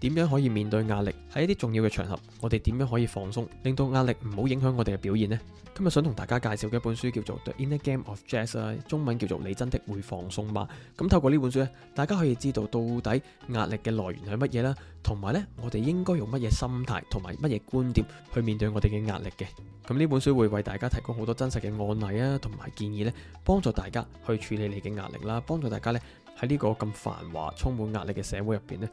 點樣可以面對壓力？喺一啲重要嘅場合，我哋點樣可以放鬆，令到壓力唔好影響我哋嘅表現呢？今日想同大家介紹嘅一本書叫做《The Inner Game of Jazz》啊，中文叫做《你真的會放鬆嗎》？咁、嗯、透過呢本書咧，大家可以知道到底壓力嘅來源係乜嘢啦，同埋呢我哋應該用乜嘢心態同埋乜嘢觀點去面對我哋嘅壓力嘅？咁、嗯、呢本書會為大家提供好多真實嘅案例啊，同埋建議呢，幫助大家去處理你嘅壓力啦，幫助大家呢。喺呢個咁繁華、充滿壓力嘅社會入邊呢，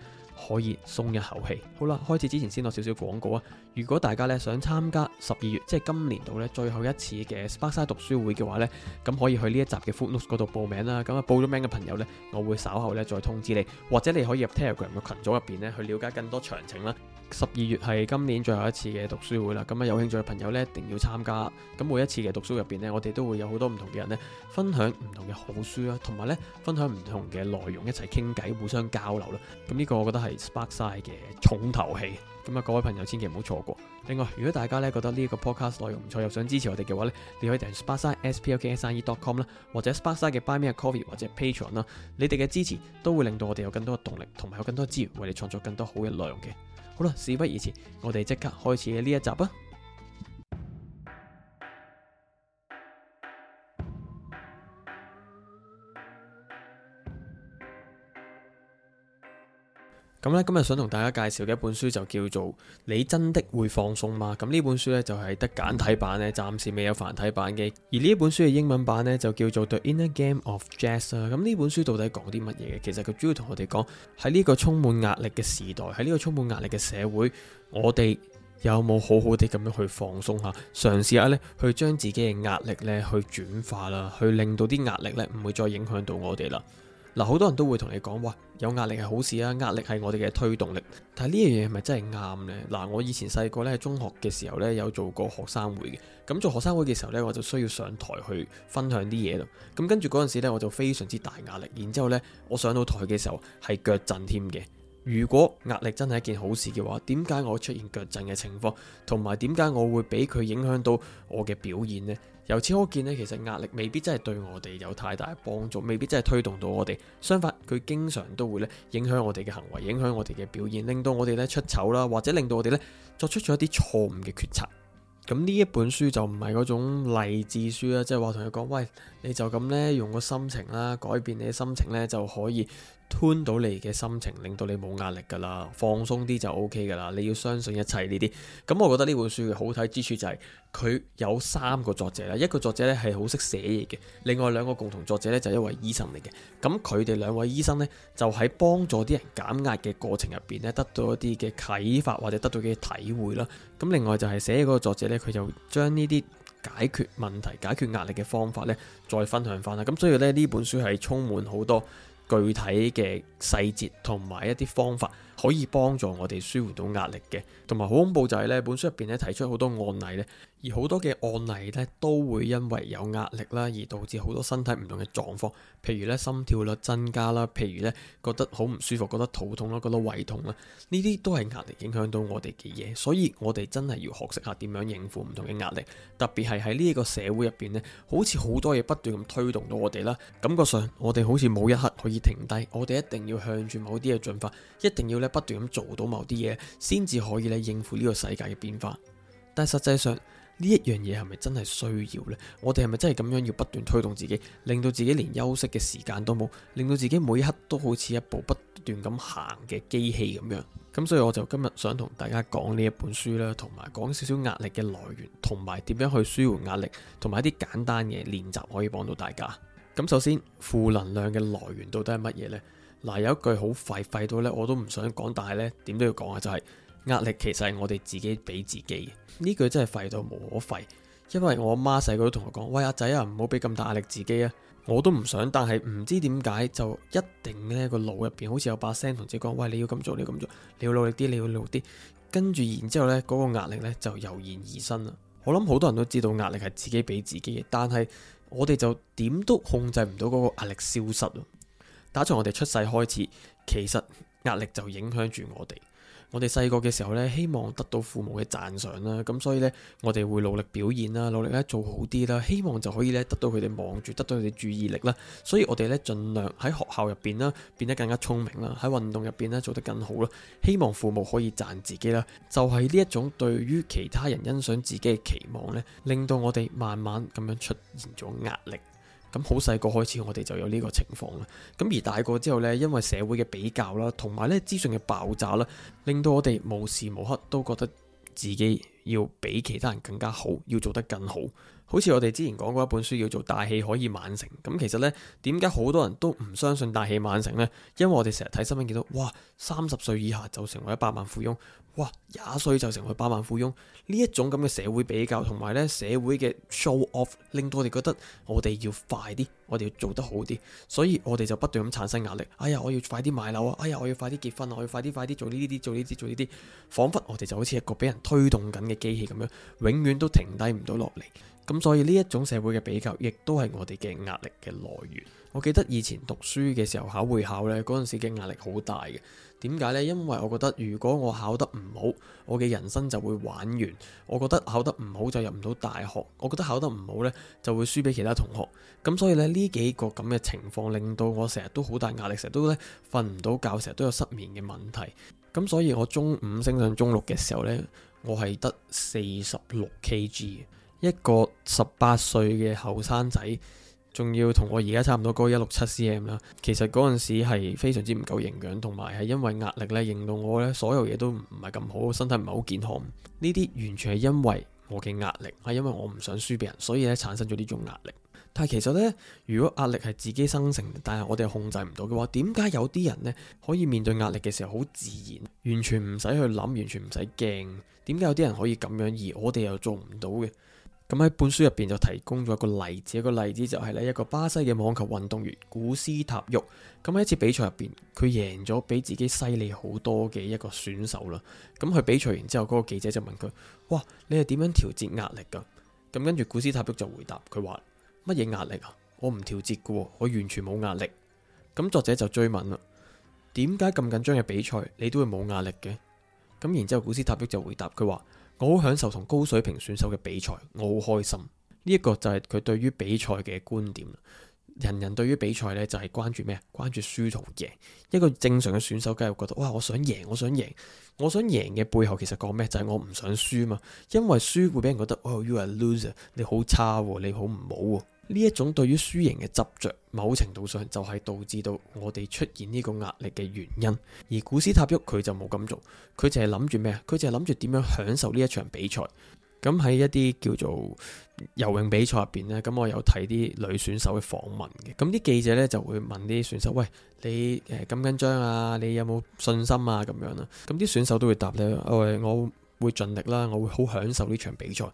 可以鬆一口氣。好啦，開始之前先攞少少廣告啊！如果大家呢想參加十二月，即係今年度呢最後一次嘅 s 巴沙讀書會嘅話呢，咁可以去呢一集嘅 Footnotes 嗰度報名啦。咁啊報咗名嘅朋友呢，我會稍後呢再通知你，或者你可以入 Telegram 嘅群組入邊呢去了解更多詳情啦。十二月係今年最後一次嘅讀書會啦。咁啊，有興趣嘅朋友咧，一定要參加。咁每一次嘅讀書入邊咧，我哋都會有好多唔同嘅人咧，分享唔同嘅好書啦、啊，同埋咧，分享唔同嘅內容，一齊傾偈，互相交流啦。咁呢個我覺得係 Sparkside 嘅重頭戲。咁啊，各位朋友千祈唔好錯過。另外，如果大家咧覺得呢一個 podcast 內容唔錯，又想支持我哋嘅話咧，你可以訂 Sparkside s p o k s i e dot com 啦，或者 Sparkside 嘅 Buy Me a Coffee 或者 Patreon 啦。你哋嘅支持都會令到我哋有更多嘅動力，同埋有更多資源為你創造更多好嘅內容嘅。好啦，事不宜遲，我哋即刻開始呢一集啊。咁咧，今日想同大家介紹嘅一本書就叫做《你真的會放鬆嗎》？咁呢本書呢，就係得簡體版咧，暫時未有繁體版嘅。而呢本書嘅英文版呢，就叫做《The Inner Game of Jazz》啦。咁呢本書到底講啲乜嘢嘅？其實佢主要同我哋講喺呢個充滿壓力嘅時代，喺呢個充滿壓力嘅社會，我哋有冇好好地咁樣去放鬆下，嘗試下呢，去將自己嘅壓力呢去轉化啦，去令到啲壓力呢唔會再影響到我哋啦。嗱，好多人都會同你講，哇，有壓力係好事啊，壓力係我哋嘅推動力。但係呢樣嘢係咪真係啱呢？嗱，我以前細個咧，喺中學嘅時候咧，有做過學生會嘅。咁做學生會嘅時候咧，我就需要上台去分享啲嘢咯。咁跟住嗰陣時咧，我就非常之大壓力。然之後咧，我上到台嘅時候係腳震添嘅。如果壓力真係一件好事嘅話，點解我出現腳震嘅情況，同埋點解我會俾佢影響到我嘅表現呢？由此可見呢，其實壓力未必真係對我哋有太大嘅幫助，未必真係推動到我哋。相反，佢經常都會咧影響我哋嘅行為，影響我哋嘅表現，令到我哋咧出醜啦，或者令到我哋咧作出咗一啲錯誤嘅決策。咁呢一本書就唔係嗰種勵志書啦，即係話同佢講，喂，你就咁呢，用個心情啦，改變你嘅心情呢，就可以，吞到你嘅心情，令到你冇壓力噶啦，放鬆啲就 OK 噶啦，你要相信一切呢啲。咁我覺得呢本書嘅好睇之處就係。佢有三個作者啦，一個作者咧係好識寫嘢嘅，另外兩個共同作者咧就一位醫生嚟嘅。咁佢哋兩位醫生呢，就喺幫助啲人減壓嘅過程入邊咧，得到一啲嘅啟發或者得到嘅體會啦。咁另外就係寫嗰個作者呢，佢就將呢啲解決問題、解決壓力嘅方法呢，再分享翻啦。咁所以咧呢本書係充滿好多具體嘅細節同埋一啲方法，可以幫助我哋舒緩到壓力嘅。同埋好恐怖就係呢本書入邊咧提出好多案例呢。而好多嘅案例咧，都會因為有壓力啦，而導致好多身體唔同嘅狀況，譬如咧心跳率增加啦，譬如咧覺得好唔舒服，覺得肚痛啦，覺得胃痛啦，呢啲都係壓力影響到我哋嘅嘢，所以我哋真係要學識下點樣應付唔同嘅壓力，特別係喺呢個社會入邊咧，好似好多嘢不斷咁推動到我哋啦，感覺上我哋好似冇一刻可以停低，我哋一定要向住某啲嘢進發，一定要咧不斷咁做到某啲嘢，先至可以咧應付呢個世界嘅變化，但係實際上。呢一樣嘢係咪真係需要呢？我哋係咪真係咁樣要不斷推動自己，令到自己連休息嘅時間都冇，令到自己每一刻都好似一部不斷咁行嘅機器咁樣？咁所以我就今日想同大家講呢一本書啦，同埋講少少壓力嘅來源，同埋點樣去舒緩壓力，同埋一啲簡單嘅練習可以幫到大家。咁首先，負能量嘅來源到底係乜嘢呢？嗱，有一句好廢廢到呢，我都唔想講，但係呢點都要講啊，就係、是。壓力其實係我哋自己俾自己嘅，呢句真係廢到無可廢。因為我阿媽細個都同我講：喂阿仔啊，唔好俾咁大壓力自己啊！我都唔想，但係唔知點解就一定呢個腦入邊好似有把聲同自己講：喂你要咁做，你要咁做，你要努力啲，你要努力啲。跟住然之後呢，嗰個壓力呢就油然而生啦。我諗好多人都知道壓力係自己俾自己嘅，但係我哋就點都控制唔到嗰個壓力消失。打從我哋出世開始，其實壓力就影響住我哋。我哋細個嘅時候呢，希望得到父母嘅讚賞啦，咁所以呢，我哋會努力表現啦，努力咧做好啲啦，希望就可以咧得到佢哋望住，得到佢哋注意力啦。所以我哋呢，盡量喺學校入邊啦，變得更加聰明啦，喺運動入邊呢，做得更好啦，希望父母可以讚自己啦。就係呢一種對於其他人欣賞自己嘅期望呢，令到我哋慢慢咁樣出現咗壓力。咁好細個開始，我哋就有呢個情況啦。咁而大個之後呢，因為社會嘅比較啦，同埋呢資訊嘅爆炸啦，令到我哋無時無刻都覺得自己要比其他人更加好，要做得更好。好似我哋之前講過一本書，叫做《大器可以晚成》。咁其實呢，點解好多人都唔相信大器晚成呢？因為我哋成日睇新聞見到，哇，三十歲以下就成為一百萬富翁，哇，廿歲就成為百萬富翁。呢一種咁嘅社會比較同埋呢社會嘅 show off，令到我哋覺得我哋要快啲，我哋要做得好啲，所以我哋就不斷咁產生壓力。哎呀，我要快啲買樓啊！哎呀，我要快啲結婚啊！我要快啲快啲做呢啲啲，做呢啲，做呢啲，仿佛我哋就好似一個俾人推動緊嘅機器咁樣，永遠都停低唔到落嚟。咁所以呢一種社會嘅比較，亦都係我哋嘅壓力嘅來源。我記得以前讀書嘅時候考會考呢，嗰陣時嘅壓力好大嘅。點解呢？因為我覺得如果我考得唔好，我嘅人生就會玩完。我覺得考得唔好就入唔到大學。我覺得考得唔好呢，就會輸俾其他同學。咁所以呢，呢幾個咁嘅情況令到我成日都好大壓力，成日都呢瞓唔到覺，成日都有失眠嘅問題。咁所以，我中五升上中六嘅時候呢，我係得四十六 kg。一個十八歲嘅後生仔，仲要同我而家差唔多高一六七 cm 啦。其實嗰陣時係非常之唔夠營養，同埋係因為壓力咧，令到我咧所有嘢都唔係咁好，身體唔係好健康。呢啲完全係因為我嘅壓力，係因為我唔想輸俾人，所以咧產生咗呢種壓力。但係其實呢，如果壓力係自己生成，但係我哋控制唔到嘅話，點解有啲人呢可以面對壓力嘅時候好自然，完全唔使去諗，完全唔使驚？點解有啲人可以咁樣，而我哋又做唔到嘅？咁喺本書入邊就提供咗一個例子，一個例子就係呢一個巴西嘅網球運動員古斯塔沃。咁喺一次比賽入邊，佢贏咗比自己犀利好多嘅一個選手啦。咁佢比賽完之後，嗰個記者就問佢：，哇，你係點樣調節壓力噶？咁跟住古斯塔沃就回答佢話：，乜嘢壓力啊？我唔調節嘅，我完全冇壓力。咁作者就追問啦，點解咁緊張嘅比賽你都會冇壓力嘅？咁然之後古斯塔沃就回答佢話。我好享受同高水平選手嘅比賽，我好開心。呢一個就係佢對於比賽嘅觀點。人人對於比賽呢，就係關注咩？關注輸同贏。一個正常嘅選手梗係覺得，哇！我想贏，我想贏，我想贏嘅背後其實講咩？就係我唔想輸嘛。因為輸會俾人覺得，哦，you are loser，你好差喎，你好唔好喎。呢一種對於輸贏嘅執着，某程度上就係導致到我哋出現呢個壓力嘅原因。而古斯塔沃佢就冇咁做，佢淨係諗住咩啊？佢淨係諗住點樣享受呢一場比賽。咁喺一啲叫做游泳比賽入邊呢，咁我有睇啲女選手嘅訪問嘅。咁啲記者呢，就會問啲選手，喂，你誒，咁緊張啊？你有冇信心啊？咁樣啦。咁啲選手都會答你：「我我會盡力啦，我會好享受呢場比賽。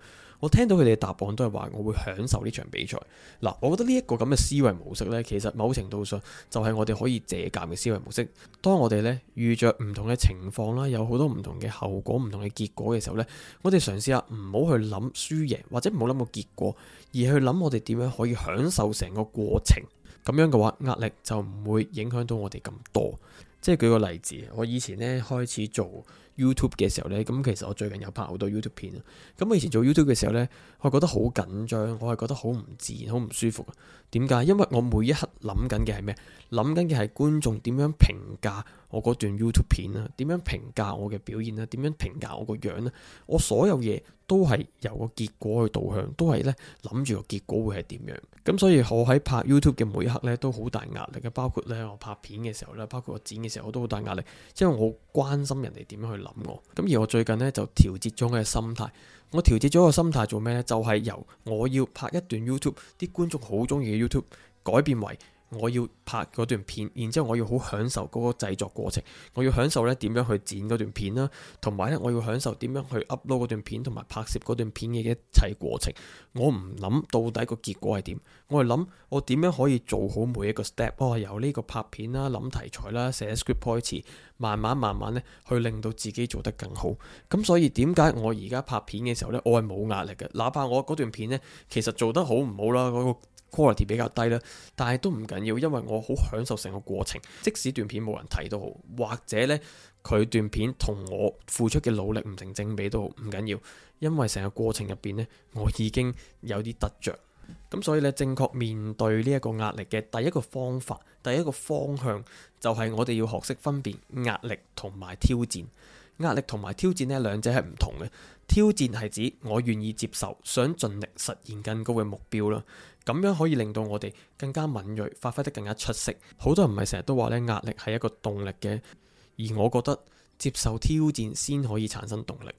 我聽到佢哋嘅答案都係話，我會享受呢場比賽。嗱，我覺得呢一個咁嘅思維模式呢，其實某程度上就係我哋可以借鑑嘅思維模式。當我哋呢遇着唔同嘅情況啦，有好多唔同嘅後果、唔同嘅結果嘅時候呢，我哋嘗試下唔好去諗輸贏，或者唔好諗個結果，而去諗我哋點樣可以享受成個過程。咁樣嘅話，壓力就唔會影響到我哋咁多。即係舉個例子，我以前呢開始做 YouTube 嘅時候呢，咁其實我最近有拍好多 YouTube 片啊。咁我以前做 YouTube 嘅時候呢，我係覺得好緊張，我係覺得好唔自然、好唔舒服。點解？因為我每一刻諗緊嘅係咩？諗緊嘅係觀眾點樣評價我嗰段 YouTube 片啊？點樣評價我嘅表現啊？點樣評價我個樣呢？我所有嘢都係由個結果去導向，都係呢，諗住個結果會係點樣。咁所以，我喺拍 YouTube 嘅每一刻呢，都好大壓力嘅。包括呢我拍片嘅時候呢，包括我剪嘅時候，我都好大壓力。因為我關心人哋點樣去。諗我，咁而我最近咧就調節咗我嘅心態，我調節咗個心態做咩咧？就係、是、由我要拍一段 YouTube，啲觀眾好中意嘅 YouTube，改變為。我要拍嗰段片，然之後我要好享受嗰個製作過程，我要享受咧點樣去剪嗰段片啦、啊，同埋咧我要享受點樣去 upload 嗰段片同埋拍攝嗰段片嘅一切過程。我唔諗到底個結果係點，我係諗我點樣可以做好每一個 step。我、哦、係由呢個拍片啦、諗題材啦、寫 script 開始，慢慢慢慢咧去令到自己做得更好。咁所以點解我而家拍片嘅時候咧，我係冇壓力嘅，哪怕我嗰段片咧其實做得好唔好啦嗰個 quality 比較低啦，但係都唔緊要，因為我好享受成個過程，即使段片冇人睇都好，或者呢，佢段片同我付出嘅努力唔成正比都好，唔緊要，因為成個過程入邊呢，我已經有啲得着。咁所以咧，正確面對呢一個壓力嘅第一個方法，第一個方向就係我哋要學識分辨壓力同埋挑戰，壓力同埋挑戰呢兩者係唔同嘅。挑戰係指我願意接受，想盡力實現更高嘅目標啦。咁樣可以令到我哋更加敏銳，發揮得更加出色。好多人唔係成日都話咧，壓力係一個動力嘅，而我覺得接受挑戰先可以產生動力。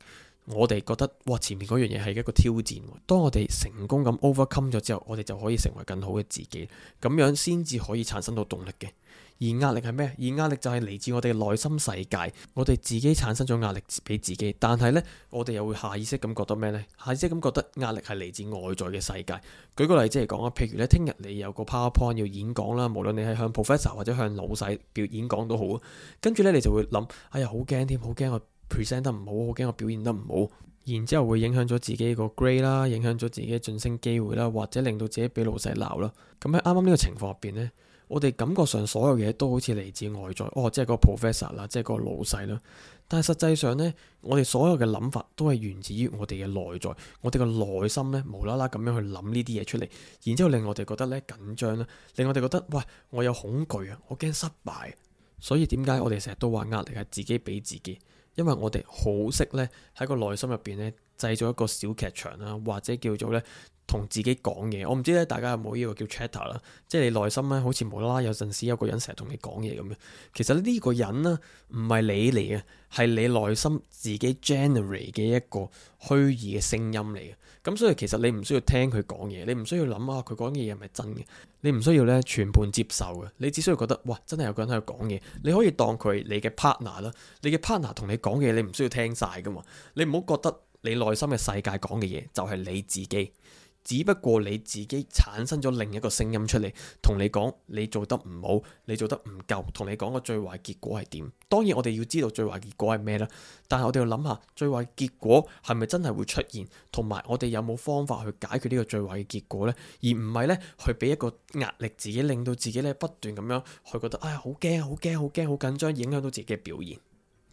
我哋覺得哇，前面嗰樣嘢係一個挑戰。當我哋成功咁 overcome 咗之後，我哋就可以成為更好嘅自己，咁樣先至可以產生到動力嘅。而壓力係咩？而壓力就係嚟自我哋嘅內心世界，我哋自己產生咗壓力俾自己。但係呢，我哋又會下意識咁覺得咩呢？下意識咁覺得壓力係嚟自外在嘅世界。舉個例子嚟講啊，譬如呢，聽日你有個 PowerPoint 要演講啦，無論你係向 professor 或者向老細表演講都好，跟住呢你就會諗，哎呀，好驚添，好驚我 present 得唔好，我驚我表現得唔好，然之後會影響咗自己個 grade 啦，影響咗自己嘅晉升機會啦，或者令到自己俾老細鬧啦。咁喺啱啱呢個情況入邊呢，我哋感覺上所有嘢都好似嚟自外在，哦，即係個 professor 啦，即係個老細啦。但係實際上呢，我哋所有嘅諗法都係源自於我哋嘅內在，我哋個內心呢，無啦啦咁樣去諗呢啲嘢出嚟，然之後令我哋覺得呢緊張啦，令我哋覺得喂，我有恐懼啊，我驚失敗，所以點解我哋成日都話壓力係自己俾自己？因為我哋好識咧，喺個內心入邊咧，製造一個小劇場啦，或者叫做咧。同自己講嘢，我唔知咧，大家有冇呢個叫 chatter 啦，即係你內心咧，好似無啦啦有陣時有個人成日同你講嘢咁樣。其實呢個人呢，唔係你嚟嘅，係你內心自己 generate 嘅一個虛擬嘅聲音嚟嘅。咁所以其實你唔需要聽佢講嘢，你唔需要諗下佢講嘅嘢係咪真嘅，你唔需要咧，全盤接受嘅，你只需要覺得哇，真係有個人喺度講嘢，你可以當佢你嘅 partner 啦，你嘅 partner 同你講嘢，你唔需要聽晒噶嘛，你唔好覺得你內心嘅世界講嘅嘢就係你自己。只不過你自己產生咗另一個聲音出嚟，同你講你做得唔好，你做得唔夠，同你講個最壞結果係點？當然我哋要知道最壞結果係咩啦，但係我哋要諗下最壞結果係咪真係會出現，同埋我哋有冇方法去解決呢個最壞嘅結果呢？而唔係呢，去俾一個壓力自己，令到自己呢不斷咁樣去覺得唉，好驚好驚好驚好緊張，影響到自己嘅表現。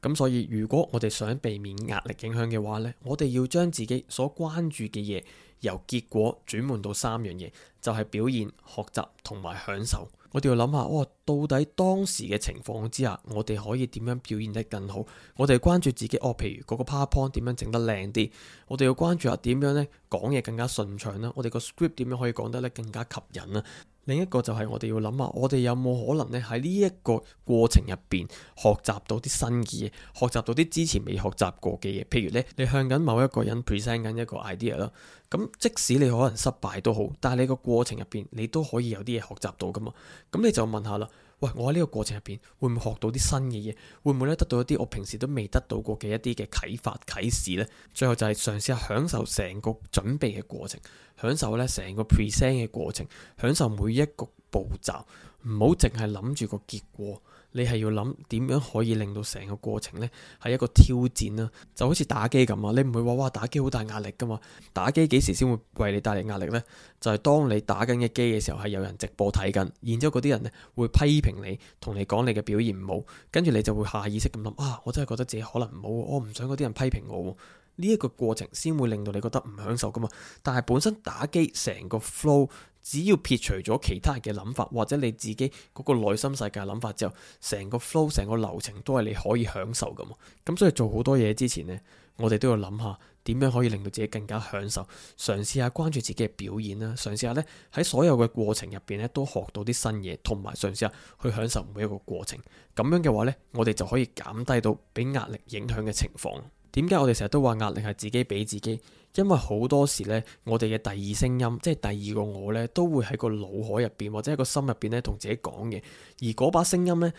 咁所以如果我哋想避免壓力影響嘅話呢，我哋要將自己所關注嘅嘢，由結果轉換到三樣嘢，就係表現、學習同埋享受。我哋要諗下，哦，到底當時嘅情況之下，我哋可以點樣表現得更好？我哋要關注自己，哦，譬如嗰個 powerpoint 點樣整得靚啲？我哋要關注下點樣呢講嘢更加順暢啦。我哋個 script 點樣可以講得咧更加吸引啦。另一個就係我哋要諗下，我哋有冇可能咧喺呢一個過程入邊學習到啲新嘅嘢，學習到啲之前未學習過嘅嘢。譬如咧，你向緊某一個人 present 緊一個 idea 啦，咁即使你可能失敗都好，但係你個過程入邊你都可以有啲嘢學習到㗎嘛。咁你就問下啦。喂，我喺呢個過程入邊，會唔會學到啲新嘅嘢？會唔會咧得到一啲我平時都未得到過嘅一啲嘅啟發、啟示呢？最後就係嘗試下享受成個準備嘅過程，享受咧成個 present 嘅過程，享受每一個步驟，唔好淨係諗住個結果。你係要諗點樣可以令到成個過程呢係一個挑戰啊，就好似打機咁啊！你唔會話哇打機好大壓力噶嘛？打機幾時先會為你帶嚟壓力呢？就係當你打緊嘅機嘅時候，係有人直播睇緊，然之後嗰啲人呢會批評你，同你講你嘅表現唔好，跟住你就會下意識咁諗啊！我真係覺得自己可能唔好，我唔想嗰啲人批評我。呢一個過程先會令到你覺得唔享受噶嘛。但係本身打機成個 flow。只要撇除咗其他人嘅諗法，或者你自己嗰個內心世界諗法之後，成個 flow、成個流程都係你可以享受㗎嘛。咁所以做好多嘢之前呢，我哋都要諗下點樣可以令到自己更加享受。嘗試下關注自己嘅表演啦，嘗試下呢喺所有嘅過程入邊呢，都學到啲新嘢，同埋嘗試下去享受每一個過程。咁樣嘅話呢，我哋就可以減低到俾壓力影響嘅情況。點解我哋成日都話壓力係自己俾自己？因為好多時呢，我哋嘅第二聲音，即係第二個我呢，都會喺個腦海入邊或者喺個心入邊呢，同自己講嘅。而嗰把聲音呢，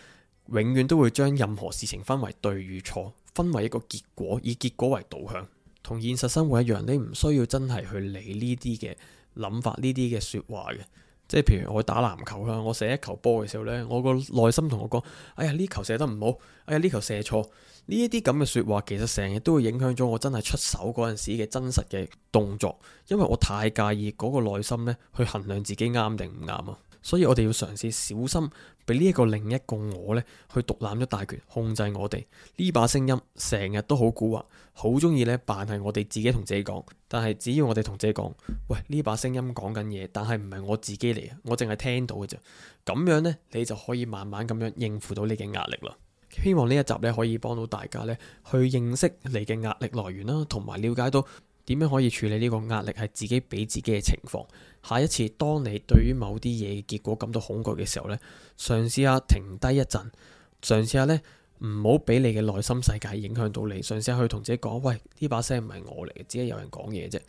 永遠都會將任何事情分為對與錯，分為一個結果，以結果為導向。同現實生活一樣，你唔需要真係去理呢啲嘅諗法、呢啲嘅説話嘅。即係譬如我打籃球啦，我射一球波嘅時候呢，我個內心同我講：「哎呀，呢球射得唔好，哎呀，呢球射錯。呢一啲咁嘅說話，其實成日都會影響咗我真係出手嗰陣時嘅真實嘅動作，因為我太介意嗰個內心咧去衡量自己啱定唔啱啊！所以我哋要嘗試小心俾呢一個另一個我咧去獨攬一大權，控制我哋。呢把聲音成日都好蠱惑，好中意咧扮係我哋自己同自己講。但係只要我哋同自己講，喂，呢把聲音講緊嘢，但係唔係我自己嚟，我淨係聽到嘅啫。咁樣呢，你就可以慢慢咁樣應付到你嘅壓力啦。希望呢一集咧可以幫到大家咧，去認識你嘅壓力來源啦，同埋了解到點樣可以處理呢個壓力係自己俾自己嘅情況。下一次當你對於某啲嘢嘅結果感到恐懼嘅時候咧，嘗試下停低一陣，嘗試下咧唔好俾你嘅內心世界影響到你，嘗試下去同自己講：喂，呢把聲唔係我嚟嘅，只係有人講嘢啫。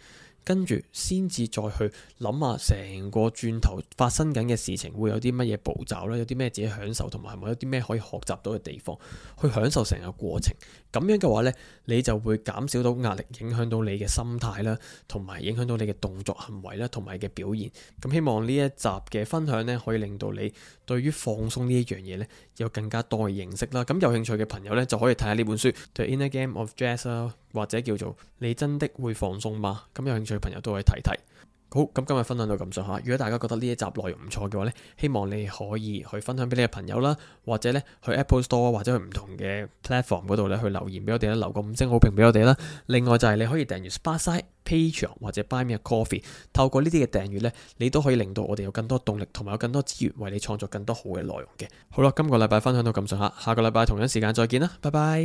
跟住先至再去諗下成個轉頭發生緊嘅事情會有啲乜嘢步驟啦，有啲咩自己享受，同埋係咪有啲咩可以學習到嘅地方？去享受成個過程。咁樣嘅話呢，你就會減少到壓力，影響到你嘅心態啦，同埋影響到你嘅動作行為啦，同埋嘅表現。咁希望呢一集嘅分享呢，可以令到你對於放鬆呢一樣嘢呢，有更加多嘅認識啦。咁有興趣嘅朋友呢，就可以睇下呢本書《The Inner Game of Jazz》啊。或者叫做你真的會放鬆嗎？咁有興趣嘅朋友都可以睇睇。好，咁今日分享到咁上下。如果大家覺得呢一集內容唔錯嘅話呢，希望你可以去分享俾你嘅朋友啦，或者呢去 Apple Store 或者去唔同嘅 platform 嗰度呢去留言俾我哋啦，留個五星好評俾我哋啦。另外就係你可以訂閱 Spotify、Patreon 或者 Buy Me a Coffee。透過呢啲嘅訂閱呢，你都可以令到我哋有更多動力同埋有更多資源為你創造更多好嘅內容嘅。好啦，今個禮拜分享到咁上下，下個禮拜同樣時間再見啦，拜拜。